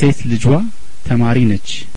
ሴት ልጇ ተማሪ ነች